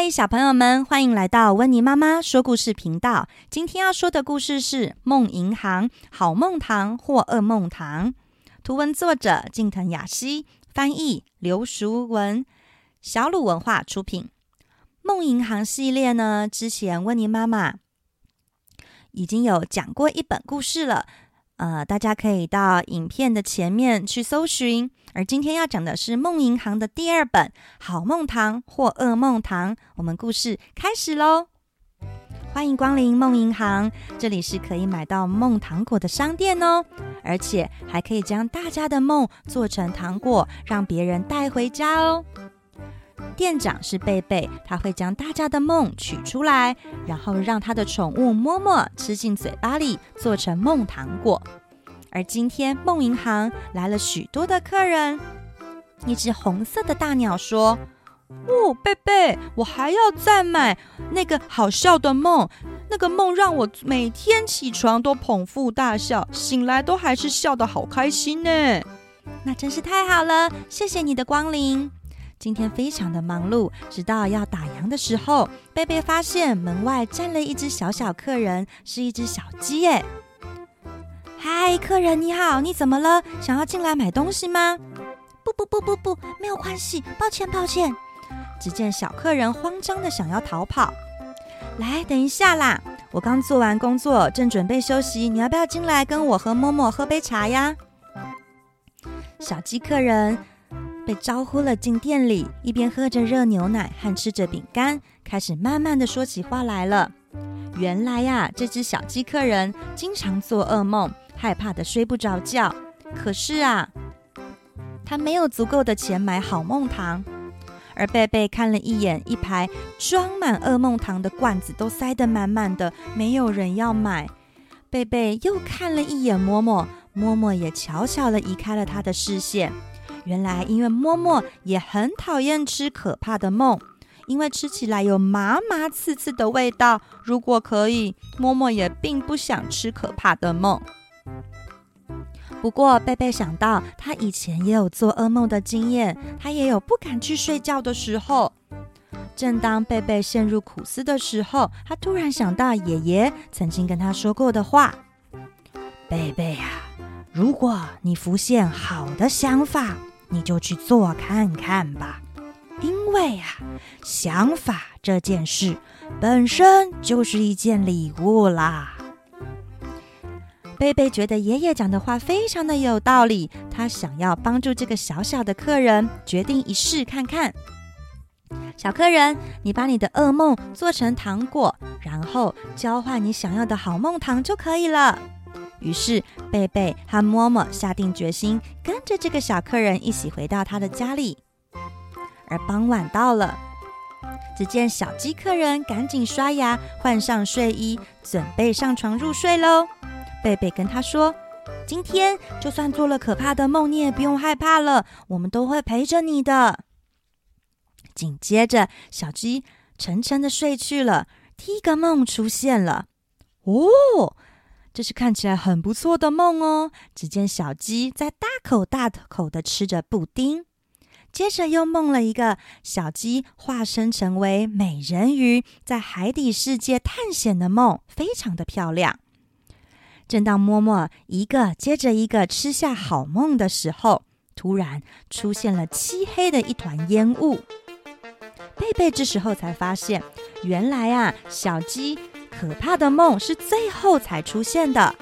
嗨，Hi, 小朋友們，歡迎來到溫妮媽媽說故事頻道。今天要說的故事是《夢銀行》，好夢糖或惡夢糖。圖文作者：近藤雅希，翻譯：劉淑雯，小魯文化出品。夢銀行系列呢，之前溫妮媽媽已經有講過一本故事了。呃，大家可以到影片的前面去搜尋。而今天要講的是夢銀行的第二本《好夢糖》或《惡夢糖》，我們故事開始嘍！歡迎光臨夢銀行，這裡是可以買到夢糖果的商店哦，而且還可以將大家的夢做成糖果，讓別人帶回家哦。店長是貝貝，他會將大家的夢取出來，然後讓他的寵物貘貘吃進嘴巴裡，做成夢糖果。而今天夢銀行來了許多的客人。一只紅色的大鳥說：“哦，貝貝，我還要再買那個好笑的夢，那個夢讓我每天起床都捧腹大笑，醒來都還是笑得好開心呢。那真是太好了，謝謝你的光臨。”今天非常的忙碌，直到要打烊的時候，貝貝發現門外站了一隻小小客人，是一隻小雞耶！嗨，客人你好，你怎麼了？想要進來買東西嗎？不不不不不，沒有關係，抱歉抱歉。只見小客人慌張的想要逃跑。來，等一下啦，我剛做完工作，正準備休息，你要不要進來跟我和貘貘喝杯茶呀？小雞客人。被招呼了進店裡，一邊喝着熱牛奶和吃着餅乾，開始慢慢的說起話來了。原來呀、啊，這只小雞客人經常做噩夢，害怕的睡不着覺。可是啊，他沒有足夠的錢買好夢糖。而貝貝看了一眼一排裝滿噩夢糖的罐子，都塞得滿滿的，沒有人要買。貝貝又看了一眼貘貘，貘貘也悄悄的移開了他的視線。原來，因為貘貘也很討厭吃可怕的夢，因為吃起來有麻麻刺刺的味道。如果可以，貘貘也並不想吃可怕的夢。不過，貝貝想到他以前也有做噩夢的經驗，他也有不敢去睡覺的時候。正當貝貝陷入苦思的時候，他突然想到爺爺曾經跟他說過的話：“貝貝呀、啊，如果你浮現好的想法。”你就去做看看吧，因為啊，想法這件事本身就是一件禮物啦。貝貝覺得爺爺講的話非常的有道理，他想要幫助這個小小的客人，決定一試看看。小客人，你把你的噩夢做成糖果，然後交換你想要的好夢糖就可以了。於是，貝貝和貘貘下定決心，跟着這個小客人一起回到他的家裡。而傍晚到了，只見小雞客人趕緊刷牙，換上睡衣，準備上床入睡嘍。貝貝跟他說：“今天就算做了可怕的夢，你也不用害怕了，我們都會陪着你的。”緊接着，小雞沉沉的睡去了。第一個夢出現了，哦。這是看起來很不錯的夢哦。只見小雞在大口大口的吃着布丁，接着又夢了一個小雞化身成為美人魚，在海底世界探險的夢，非常的漂亮。正當貘貘一個接着一個吃下好夢的時候，突然出現了漆黑的一團煙霧。貝貝這時候才發現，原來啊，小雞。可怕的夢是最後才出現的，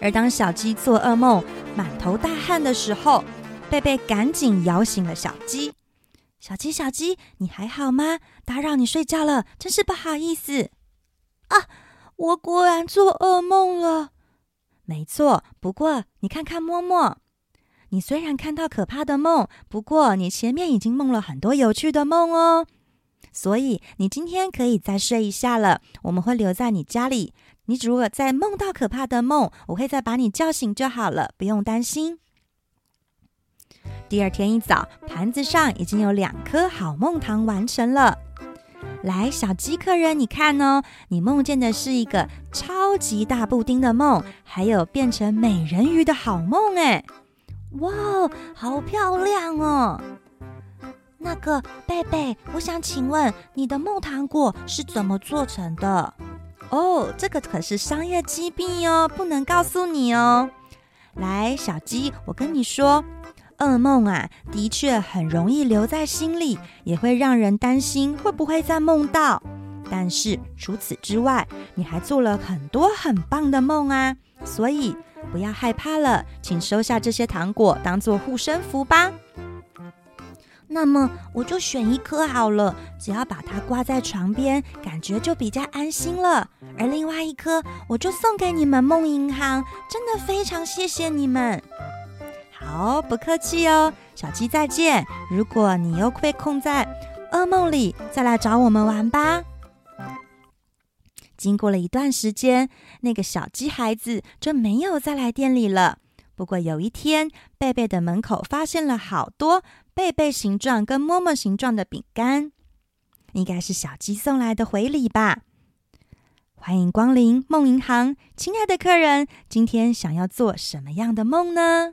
而當小雞做噩夢、滿頭大汗的時候，貝貝趕緊搖醒了小雞。小雞，小雞，你還好嗎？打擾你睡覺了，真是不好意思。啊，我果然做噩夢了。沒錯，不過你看看貘貘，你雖然看到可怕的夢，不過你前面已經夢了很多有趣的夢哦。所以你今天可以再睡一下了，我們會留在你家裡。你如果再夢到可怕的夢，我會再把你叫醒就好了，不用擔心。第二天一早，盤子上已經有兩顆好夢糖完成了。來，小雞客人，你看哦，你夢見的是一個超級大布丁的夢，還有變成美人魚的好夢，誒，哇，好漂亮哦！那個貝貝，我想請問你的夢糖果是怎麼做成的？哦，這個可是商業機密哦，不能告訴你哦。來，小雞，我跟你說，噩夢啊，的確很容易留在心裡，也會讓人擔心會不會再夢到。但是除此之外，你還做了很多很棒的夢啊，所以不要害怕了，請收下這些糖果當做護身符吧。那麼我就選一顆好了，只要把它掛在床邊，感覺就比較安心了。而另外一顆，我就送給你們夢銀行，真的非常謝謝你們。好，不客氣哦，小雞再見。如果你又被困在噩夢裡，再來找我們玩吧。經過了一段時間，那個小雞孩子就沒有再來店裡了。不過有一天，貝貝的門口發現了好多貝貝形狀跟貘貘形狀的餅乾，應該是小雞送來的回禮吧。歡迎光臨夢銀行，親愛的客人，今天想要做什麼樣的夢呢？